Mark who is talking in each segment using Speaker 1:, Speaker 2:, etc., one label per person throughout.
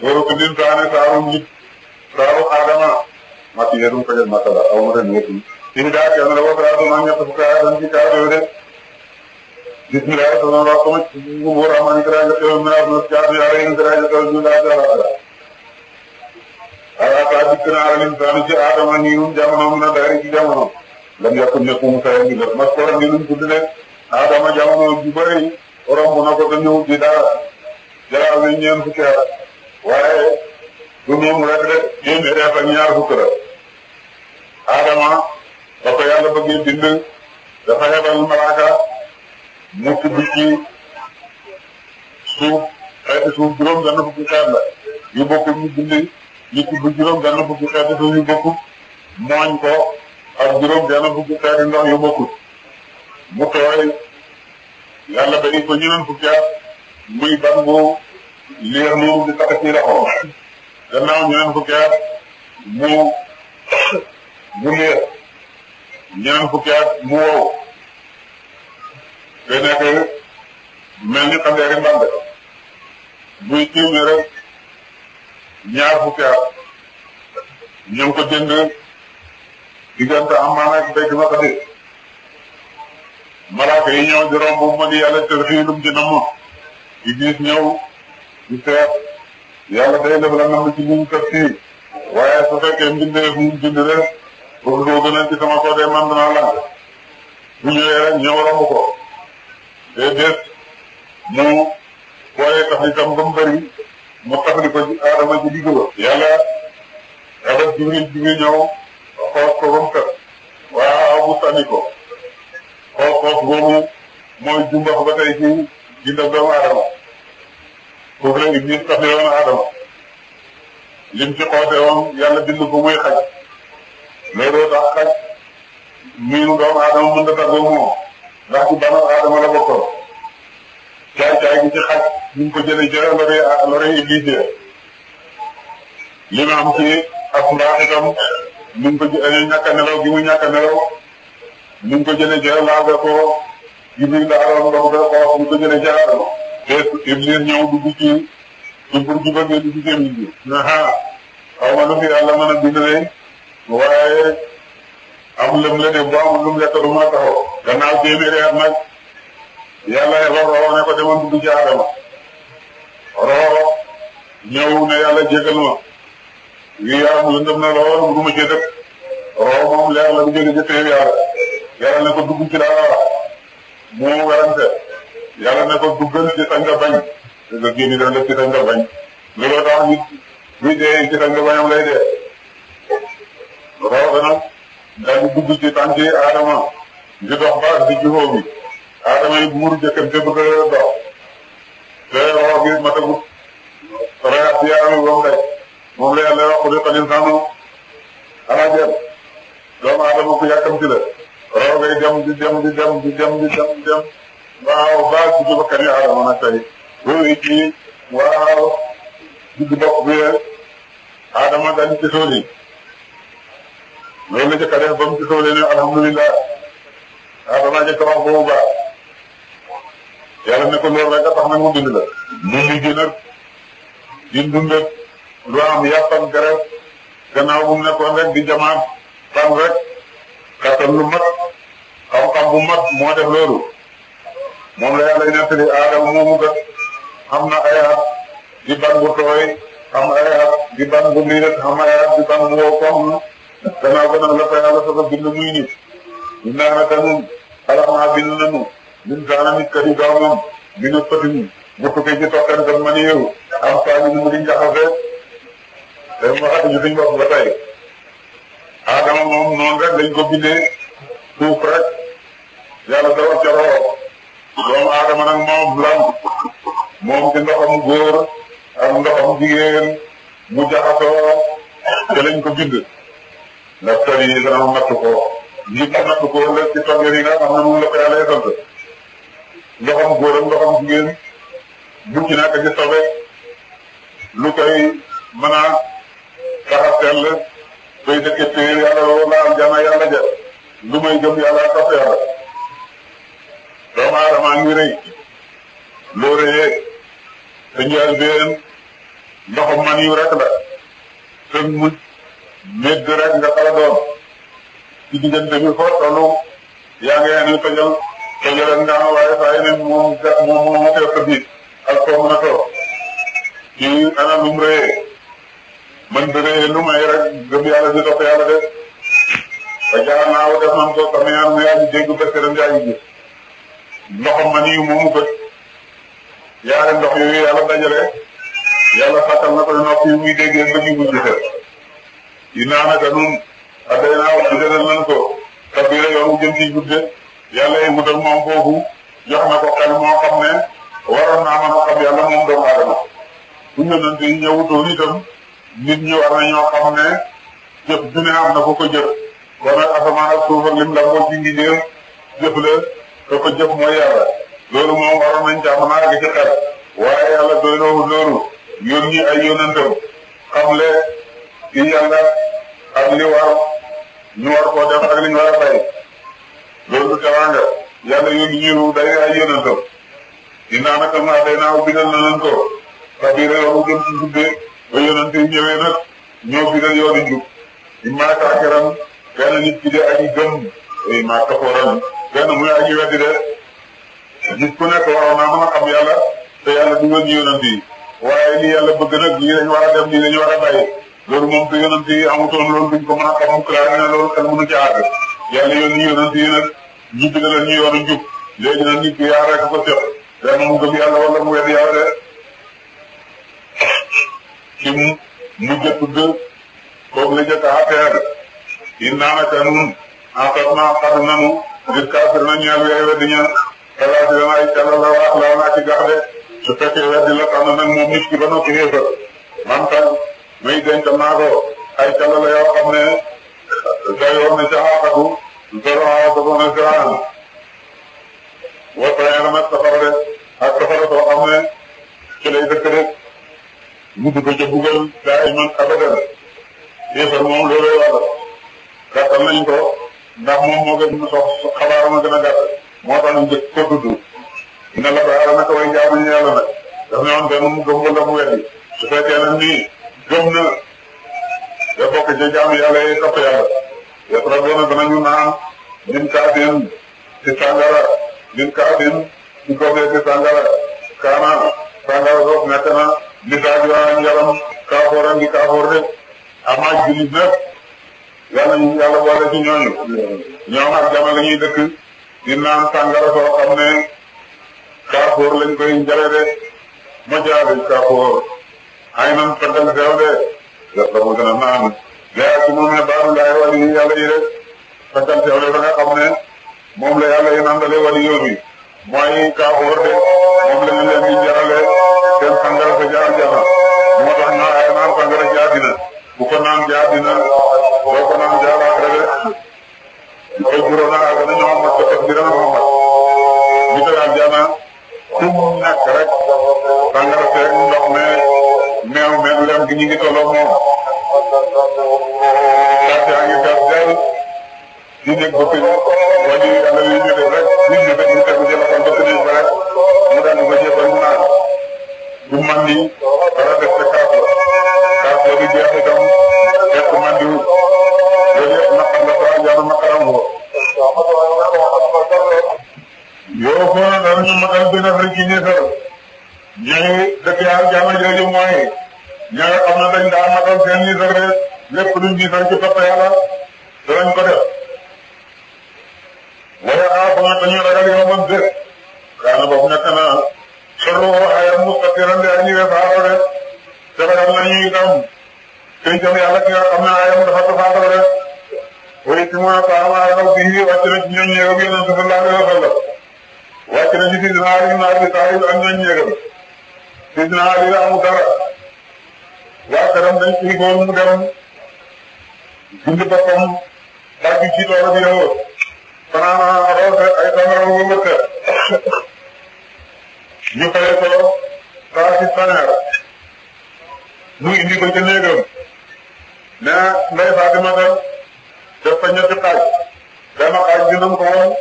Speaker 1: loolu ko din taane taaru nit taaru aadama matti yetum fajal masala aw mata neetum in daa kenn la wasalaatu naa ñett fukki aaya tan ci kaadoyo de bismillahi rahmani rahim ngubu rahmani kiraja tew minas nas kaatu yaare in kiraja tew jula jala ala ala taa dikkina ala linsaani ci aadama nii um jamono mina daari ci jamono lam yakun nekkum saye ngi def mas koram ni num tuddine aadama jamono ju bëri romb na ko te ñëw ci dara jalaa ne ñeen fukki at waaye du moom rek de téeméer def ak ñaar fukk Adama ba ko yàlla bëggee bind dafa yebal malaaka mu tudd ci suuf xeeti suuf juróom benn fukki xeet la yu bokkul ñu bind yu bokkul juróom benn fukki xeeti ndox yu bokkul mu tooy yàlla bari ko ñeneen fukki muy ban liir moom di tax ci loxo gannaaw ñeneen fukki at mu mu liir ñeneen fukki at mu wow te nekk mel ni xandeeri mbànd buy tiimee rek ñaar fukki at ñu ngi ko jënd diggante amaan ak béykat ma xati malaaka yi ñëw di romb ma di yàlla tër fii lum ci namm Iblis ñëw ci seet yàlla day def la ci bumu kër fii waaye su fekkee mbindee fu mu bind rek bëgg koo gën a ci sama ko dee man danaa laaj bu ñëwee ko day déet mu booyee ko ci aadama ci mu jumbax ba tey ci jindab doomu aadama foofu la ngi biir kafe yoonu Adama lim ci xoose yàlla bind ko muy xaj looloo tax xaj miinu doomu Adama mën na tàggoo moom ndax ci banu Adama la bokkoon caay ci xaj ñu ngi ko jëlee jëlee loree loree Iblis li ma am ci ak mbaax ko jëlee ñàkk a nelaw gi ko jële jëlee laal ko Jibril la aroon te Iblis ñëw dugg ci dugg ci bëgg lu fi yàlla mën a bind waaye am lëm la de bu amul lum lekk du ma taxaw gannaaw téeméeri nag yàlla yebal roxo ne ko demal dugg ci aadama roxo ne yàlla jégal ma lii yaram lëndëm na lool du ma cee dëkk roxo moom leer la bu jóge ne ko dugg ci dara mu yàlla ne ko duggal ci sa nga bañ te sa génn dafa def ci sa nga bañ looloo tax nit buy dee ci sa nga bañam lay dee rawatina daal di dugg ci tànk yi aadama di dox ba di juróom yi aadama yi muur jëkkër te bëgg a dox te rox gi matagut rayaat ci yaram yi moom rek moom la yàlla wax ne xanin saanu alaajal doomu aadama ku yàkkamti la rox ngay dem di dem di dem di dem di dem di dem waaw base bi jublu kër yi Adama nag tey loolu it ci waaw digg bopp Adama daal di gisoo lii loolu la a def ba mu gisoo leen alhamdulilah Adama njëkk a wax boobu ne ko loolu rek a tax mu bind la. mu liggéey di dund lu am yàppam garab gannaaw bu mu nekkoon rek di jamaat fan rek kattan lu mat xam-xam bu mat moo def loolu. moom la yàlla nettali aadama moomu kat xam na ay di ban bu tooy xam ay di ban bu niirat xam ay di ban bu wow koom gannaaw ko nag la fa yàlla a muy nit ñu naan la tamit xalaat bind nañu ñun daanaka nit kat moom ñu ne petit ñi bu tukkee ci toqan man yow am saa ñu mu di te waxati ñu duñ wax ba tey aadama moom noonu rek lañ ko bindee suuf rek yàlla dawal ca roxo doomu aadama nag moom lan moom ci ndoxam góor ak ndoxam jigéen mu jaxasoo te lañ ko bind ndax tol yi dana natt ko ñi ko natt ko la nga xam ne moom la ko yàlla sant góor ak ndoxam jigéen bu ci nekk ci lu koy mën a taxa sell bay dëkke téye yàlla loolu la am jana yàlla ja lu may gëm yàlla ak doomu aadama ngi rëy loo rëyeeg sa njëlbéen ndoxum man yu rek la sëg muj mégg rek nga fala doon ci diggante bi foo tollu yaa ngi yenu tojal tojal waaye saa ne moom gat moom moo ma teew sa biir ak foo a ana lum rëyee man da lu may rek gëm yàlla di topp yàlla def ba jaar naaw ko sama yaan ngi dégg ba këram yaa ndoxam na nii moomu bët yaare ndox yooyu yàlla dajale yàlla fàttal na ko nopp yi muy déggee ba ñu gudde yàlla yi wutal moom foofu jox na ko xel moo xam ne waroon naa mën a xam yàlla moom doomu aadama suñ yonent yi ñëwutoon itam nit ñi war na ñoo xam ne jëf du ne am na ko ko jëf kon nag asamaan ak suuf la ko ci ngi jëf te ko jëf mooy yàlla loolu moom waroon nañ ca mën a àgg waaye yàlla doy loolu loolu yónni ay yónnantam xam le ci yàlla ak li war ñu war koo def ak li ñu war a fay loolu du teraanga yàlla yónni ñu day ay yónnantam dinaa naka maa day naa ubbi dal na leen ko sabira yoonu gën ci guddee ba yónnante yi ñëwee njub immaa kaakiran benn nit ki de aji gëm immaa kafooran benn muy aji weddi de nit ku nekk waroon naa mën a xam yàlla te yàlla dugal ñu yonent yi waaye li yàlla bëgg nag lii lañ war a dem lii lañ war a bàyyi loolu moom te amutoon loolu duñ ko a xam moom clair ne xel mënu caa àgg yàlla yónni yonent yi nag ñu digaleen ñu yoonu njub léegi nag nit ki yaa rek ko jot benn mu gëm yàlla wala mu weddi yàlla de ci mu mujj a tudd kooku la jot a affaire yi naanaka nun en fait maa xam ngir kaafir na ñeel yooyu weddi ñeel xalaat dana la wax laa naa ci gax de su fekkee weddi la tànn moom nit ki ba noppi xéefar man tam may denc naa ko ay calal la yoo xam ne dayoon na ca xaaxatu zero a sabona ziraan wa tayana nag safara de ak safara soo xam ne ci lay dëkk rek mu dugg ca bugal daa iman abadan xéefar moom loolu wàll gàttal nañ ko ndax moom moo gën a dox xabaar ma gën a gàtt moo tax ñu jëkk ko tudd ne la baara naka way jaamu ñu yàlla nag daf ne woon benn mu gëm ko la mu weddi su fekkee nag nii gëm na da bokk ci jaamu yàlla yi topp yàlla yëpp la doon na danañu naan min kaasin ci sàngara min kaasin ci kofee ci sàngara kaana sàngara goog nekk na misaaj waa yaram kaafoor a ngi kaafoor de amaaj julit nag yàlla ñu yàlla boole ci ñooñu ñoom ak jamono la ñuy dëkk di naan sàngara soo xam ne kaafoor lañ koy njare de ma jaadu kaafoor ay nan taggal seew de dafa mu gën a naan gaa ci moom ne baaru laay wali yi a yi rek taggal seew de moom la yàlla yi nandale wali yoon mooy kaafoor de moom la ñu leen di jarale seen sàngara sa jaar jana moo tax ñu ay naan sàngara jaadina bu ko naan jaadina murid bu doon dara dana ñoo amat ba bi dana amat ñu doon jaana ku nekk rek sangara feeg ndox me meew me du dem gi ñu ngi tolloo moom. gerte yaa ngi gas del ñu nekk ba tëj wala ñu yàlla li ñu def rek ñu ñu def ñu tegu jëfandikoo ba tëjee ba rek mu daal di ko jëfal mu naan du man ni dara def ca kaaf la kaaf la di jeex itam fekk man di loolu yëpp naqar la ko yàlla naqaram woo yow xoolal dara ñu mën a gën a fekk ci ñi sax ñooñu dëkk yàlla jaama jooju mooy ña nga xam ne dañ daan matal seen ñi sax rek lépp luñ ñi sax ci topp yàlla danañ ko def. wala ah ba nga dañuy ragal yow man dëkk daanaka boobu nekk naa soriwul waxaayam mu fekk ren de ñu def aar rek te ragal nañu itam te itam yàlla ki nga xam ne ayam dafa tafaatoo rek. wala si mu attaar maa raw bii wàcc na ci ñoom ñeegam yonent bi wa sallam wàcc ci sidina Ali Abi Talib ak ñoom ñeegam sidina Ali la amul dara waa këram dañ ciy góor mu dem bind boppam dàgg ci toolu bi yow fanaan ay tamara wu wëtt ñu fay ko saa si taneer mu indi ko ca néegam mais Ndeye Fatimata def ko ñetti xaaj benn xaaj bi nu mu ko woon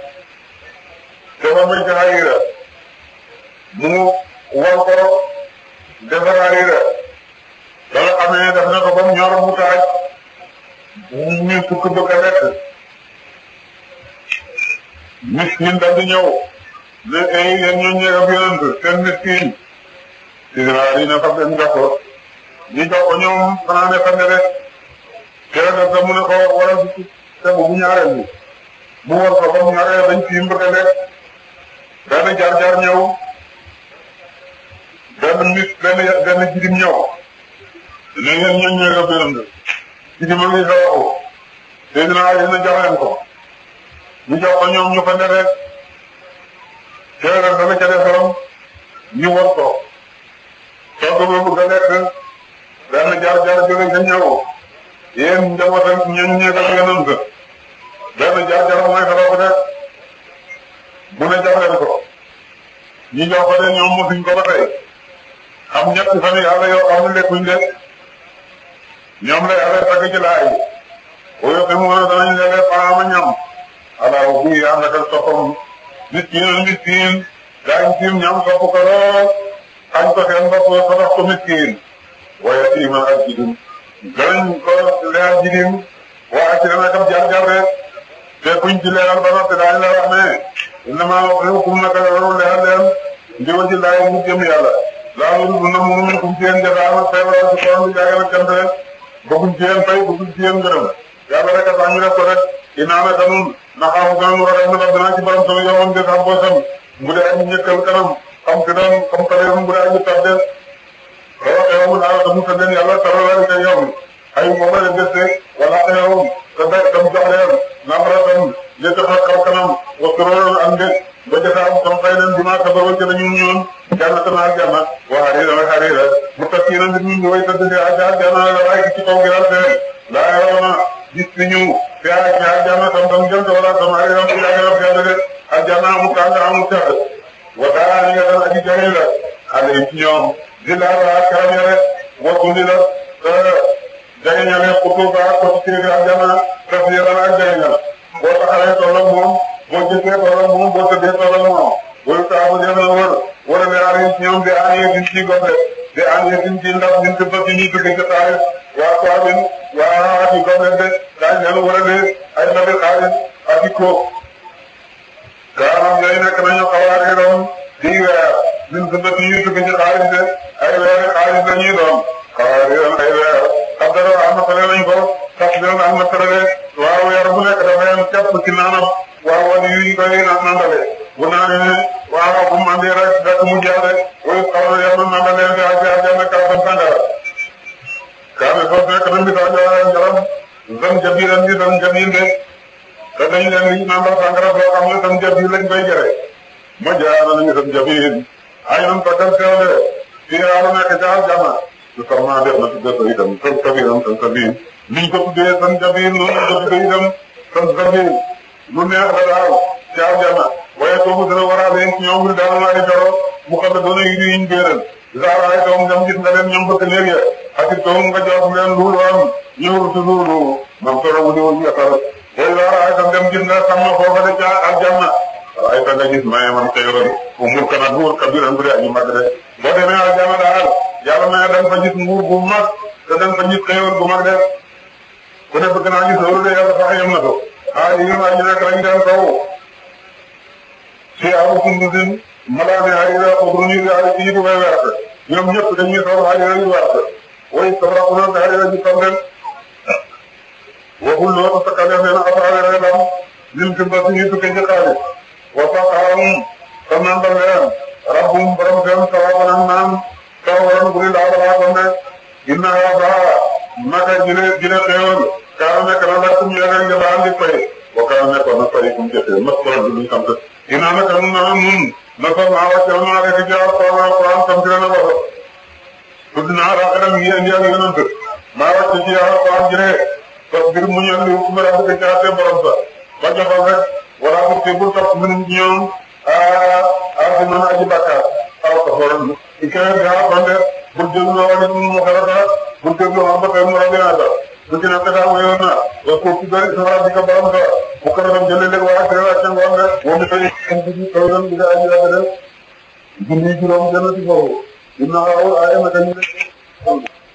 Speaker 1: dafa muy jaayira mu wal ko defaraayira loolu xam ne na ko mu ñor mu taaj ñu fukk bëgg a lekk miskin di ñëw ne ay yéen ñoo ñëw ak yonent seen miskin Sidina Ali ne fab leen jox ko ñu ko ñoom xanaa ne ne rek keroog dafa mu ne ko wala te moom ñaareel bi mu war ko ba mu ñaareel dañ fi mbëkk lekk benn jaar-jaar ñëw benn nit benn benn jidim ñëw léegi nag ñoom ñooy def benn jidim ak lii xew ko léegi nag yéen a jox leen ko ñu jox ko ñoom ñu ko ne ca defaram ñu jaar-jaar jóge ca ñëw. yéen njabootam ñooñu ñëw dafa ngeen doon gën benn mooy xelal ko de ne jox ko ñu jox ñoom mosuñ ko ba tey am ñetti fan yi àll yoo de ñoom lay àll tagg ci laay wala fi mu war a danañ leen def paama ñam ala bu yi ànd ak soppam nit ki yéen miskin tiim ñam sopp ko lool xañ ko seen bopp ba tax ko miskin waaye tiimal ak jidum gërëm ko leer jidim waa ci dana kam jaar jaar rek te kuñ ci leeral ba noppi daañu la wax ne innama kum naka waru leer leen ndiwal ci laay mu jëm yàlla laa yëngu dund mu ngi kum ci yéen jafe-jafe feebaral ci kawam bi jaagal ak cant rek bëgguñ ci yéen fay bëgguñ ci yéen gërëm yàlla rek a tax ñu def ko rek inaana kanun naxaamu kanun ragal na dinaa ci baram sama yoomam de xam boo sam mu dee ñu ñëkkal kanam xam ki doon xam ka leen mu dee ñu tardé. waaw xew mu naa la damu tardé yàlla taral dina waa wa gundina jageñale kutuba ko ci ak jama daf yaram ak jageñal boo taxalee tolloog moom boo gisee tolloog moom boo tëddee tolloog moom wala saa bu wër wala ñoom di arin din ci gofe di arin din ci ndax waa Koabin waa ati gofe de daa ñal wala ay nabi xaalis ati ko gaanam yooyu nekk nañu xawaare doom fii weer min sunnati Yuusuf ci xaalis de ay weer xaalis la ñuy doon xaalis yoon ay weer xam dara am na tële lañ ko sax yoon am na tële waaw weer bu nekk dafa yem képp ci naanam waaw wan yu ñu koy naan nandale bu naanee waaw bu mu andee rek rek mu jeex rek wala xaw ma yem na nandale nga ak ak yenn kàttan sangara kaame foofu nekk na mbitaay jaareen jaram zam jabiiran di zam jabiin de te dañ leen di nandal sangara boo xam ne zam jabiin lañ koy jëlee وجعل من الجبين عينا فكرت فيها هناك جعل جمع يسمى لأن تدبيدا تنتبيدا تنتبيد لن تبدي تنتبيد لن تبديدا تنتبيد لن يأخذ جعل جمع ويتوب سنة وراء ذلك يوم الدار الله جرى مخلدون يدين بيرا إذا رأيتهم جم جسنا لن ينبت ليريا حكبتهم قجاس لن دولهم يور تدولوا مغفرة ولي ولي أخر وإذا رأيتهم جم جسنا سمى فوق الجنة waaye ka nga gis maye man ka yoroon nguur ka nag nguur kabiran bu dee aji mag de boo demee aljana daal yàlla maye da nga fa gis nguur gu mag te da nga fa gis xéewal gu mag de ku ne bëgg naa gis loolu de yàlla sax yem na ko ah yi nga naa ñu nekk lañ daan kaw si aru sundusin malaane harira xudruñu ari ci yitu bay werte ñoom ñëpp dañuy sol harira yu werte way sabraxunoon te harira ji sol ren waxul loo ko sakkale seen afaare redam lim fi ba suñu tukkee ci xaalis wa saqaahum te nandal leen rabbum borom seen sawaban ak naan sawaban bu di laabalaa ko ne inna hadaa naka jële jële xéewal kaara nekk na lakum yéen nga baal di fay wa kaara nekkoon na fay kum jëfee mas borom bi duñ sant inna naka nun naa nun na fa naa wàcce naa rek jaar sama alquran tam ci na wax tudd naa raa xanam ngi indi ak yonent maa wàcce ci alquran jëlee parce que mu ñëw li mu ba jafal wala mu fi bu topp mënuñ ci ñoom ah mën a aji bàkkaar aw ko xoolal i ka gaa bande bu déglu wala mu xarata bu déglu wala mu xarata mu rabinaata bu ci nekk daa wéyoon naa wa ko ci bëri sa rabbi ka borom ka bu ko defam jëlee léegi wala xëy na seen borom de wala xëy na seen bi kaw doon bi nga aji la ko def junni juróom gën a ci foofu dina xawul ay ma dañu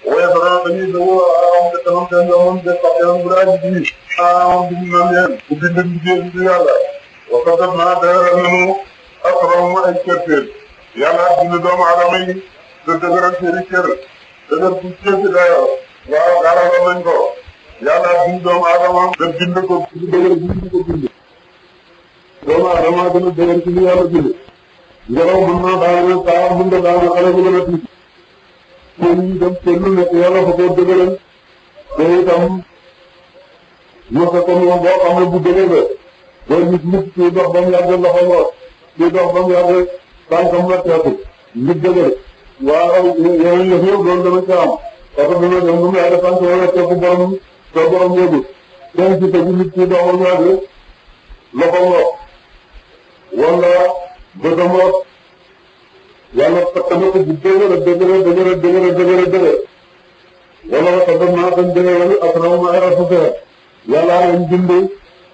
Speaker 1: waaye balaa a dëggoo am te a seen doomam des fois yoon bu laaj bi ah bi ñu naan leen bu bindee liggéey bi yàlla wax dëgg naa dara nañu ak romb ay kër kër yàlla bind doomu aadama yi te dëgëral seen a kër dëgër bu jéggi dayoo waaw gàllankoor nañ ko yàlla bind doomu aadama te bind ko dëgër bind ko bind. doomu aadama gën a dëgër ci li yàlla bind. ngelaw mën naa daanaka saa mën nga daanaka xale bu gën a tuuti moom ñu dem seetlu nekk yàlla ko ko dëgëral te itam mos ko moom boo xam ne bu dëgër ba day gis nit ki dox ba mu yàgg loxo ngoor ki dox ba mu yàgg tànkam la teeku ngir dëgër waaw yeneen yëf yëpp loolu dana ci am parce que dana dem ba mu yàgg tànk wala teeku borom te borom yëgul kenn ci tegu nit loxo ngoor wala bëtam rot yàlla tama ko bu dëgër a dëgër a dëgër a dëgër a dëgër a dëgër wala waxal ba maa ko njëriñ wala asalaam ma ay rafet la yàlla a leen bind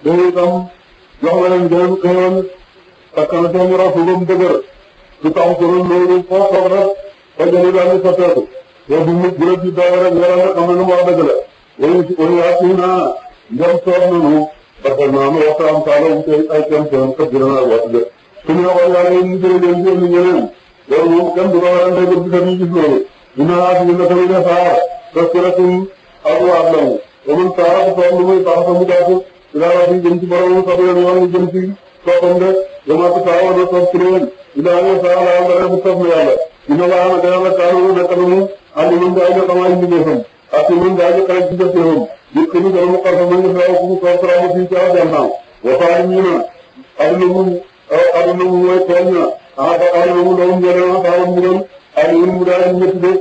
Speaker 1: dañuy itam jox la leen gën xëyoon takkal seen rafet ba mu dëgër su tax ko doon loolu foo ko ba jëlee daal di soppeeku yow bu mu gërëm ci daaw rek yàlla nga xam ne yaa suy naa ngeen soog nañu loolu moom kenn du ko war a dégg ci sa a loolu. dina laaj ñu ne tamit ne saa def ko a aw waat lañu. ba man saa ko toog lu muy tax a mu taatu dinaa la fi jëm ci borom sax yoon yoon jëm ci toogam de damaa ko saa wala toog ci loolu. dinaa ne saa laa nga def toog na laa ne dana la saa na mu ànd ñun daal nga xamaa indi defam. ak ñun daal nga xamaa indi defam. nit ku ñu gërëm wa faa ñu na. aduna mu aduna mu mooy toog na. ah ba xam ne moom daaw mu jëlee ah daaw mu jël ah yéen mu daal di ñëpp de.